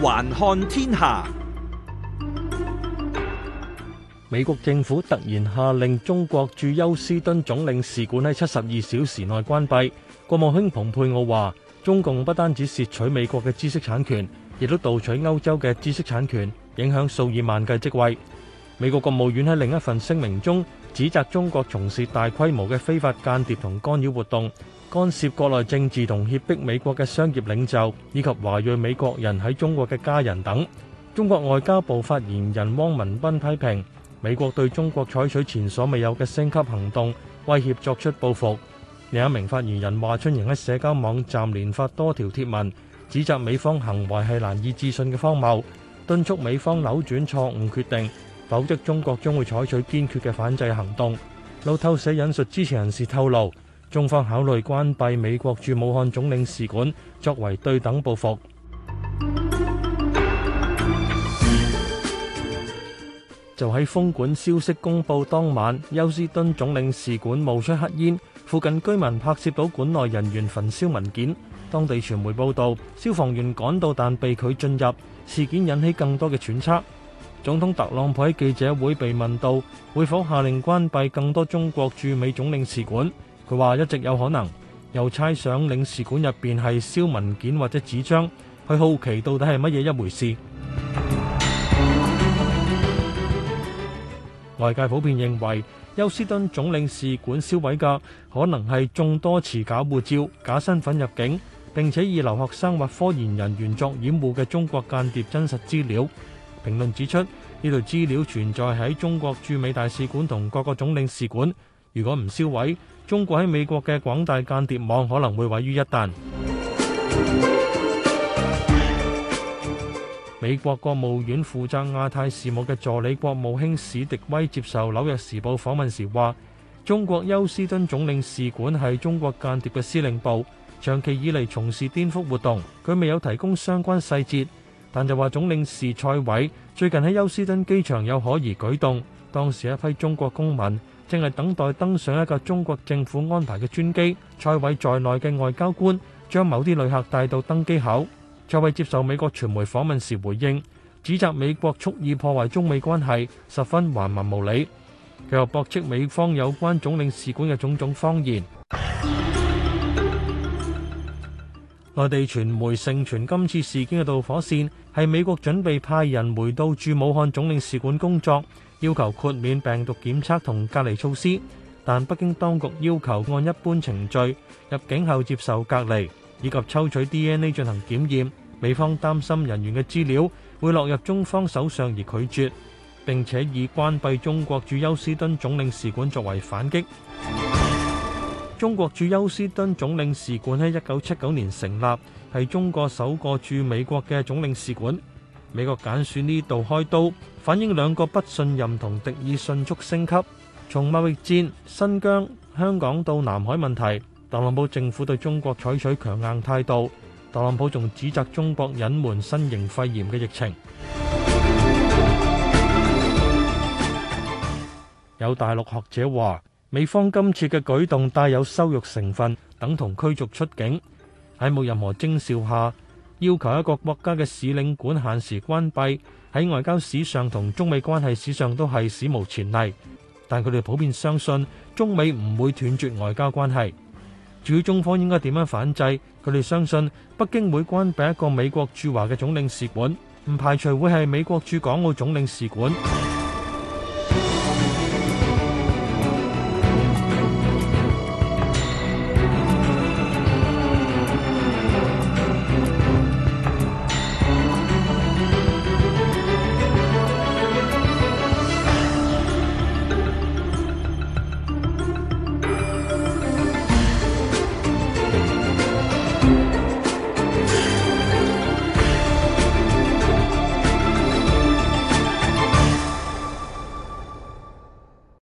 環看天下。美國政府突然下令中國駐休斯敦總領事館喺七十二小時內關閉。國務卿蓬佩奧話，中共不單止竊取美國嘅知識產權，亦都盜取歐洲嘅知識產權，影響數以萬計職位。美國國務院喺另一份聲明中，指責中國從事大規模嘅非法間諜同干擾活動，干涉國內政治同脅迫美國嘅商業領袖以及華裔美國人喺中國嘅家人等。中國外交部發言人汪文斌批評美國對中國採取前所未有嘅升級行動，威脅作出報復。另一名發言人華春瑩喺社交網站連發多條貼文，指責美方行為係難以置信嘅荒謬，敦促美方扭轉錯誤決定。否則，中國將會採取堅決嘅反制行動。路透社引述支持人士透露，中方考慮關閉美國駐武漢總領事館，作為對等報復。 就喺封館消息公布當晚，休斯敦總領事館冒出黑煙，附近居民拍攝到館內人員焚燒文件。當地傳媒報道，消防員趕到但被拒進入，事件引起更多嘅揣測。總統特朗普喺記者會被問到會否下令關閉更多中國駐美總領事館，佢話一直有可能。又猜想領事館入邊係燒文件或者紙張，佢好奇到底係乜嘢一回事。外界普遍認為休斯頓總領事館燒毀嘅可能係眾多持假護照、假身份入境並且以留學生或科研人員作掩護嘅中國間諜真實資料。評論指出，呢度資料存在喺中國駐美大使館同各個總領事館，如果唔銷毀，中國喺美國嘅廣大間諜網可能會毀於一旦。美國國務院負責亞太事務嘅助理國務卿史迪威接受《紐約時報》訪問時話：中國休斯頓總領事館係中國間諜嘅司令部，長期以嚟從事顛覆活動。佢未有提供相關細節。但就話總領事蔡偉最近喺休斯敦機場有可疑舉動，當時一批中國公民正係等待登上一個中國政府安排嘅專機，蔡偉在內嘅外交官將某啲旅客帶到登機口。蔡偉接受美國傳媒訪問時回應，指責美國蓄意破壞中美關係，十分橫蠻無理，佢又駁斥美方有關總領事館嘅種種謊言。內地傳媒盛傳今次事件嘅導火線，係美國準備派人回到駐武漢總領事館工作，要求豁免病毒檢測同隔離措施，但北京當局要求按一般程序入境後接受隔離，以及抽取 DNA 進行檢驗。美方擔心人員嘅資料會落入中方手上而拒絕，並且以關閉中國駐休斯敦總領事館作為反擊。中國駐休斯頓總領事館喺一九七九年成立，係中國首個駐美國嘅總領事館。美國揀選呢度開刀，反映兩國不信任同敵意迅速升級。從貿易戰、新疆、香港到南海問題，特朗普政府對中國採取強硬態度。特朗普仲指責中國隱瞞新型肺炎嘅疫情。有大陸學者話。美方今次嘅舉動帶有羞辱成分，等同驅逐出境，喺冇任何徵兆下要求一個國家嘅使領館限時關閉，喺外交史上同中美關係史上都係史無前例。但佢哋普遍相信中美唔會斷絕外交關係。至於中方應該點樣反制，佢哋相信北京會關閉一個美國駐華嘅總領事館，唔排除會係美國駐港澳總領事館。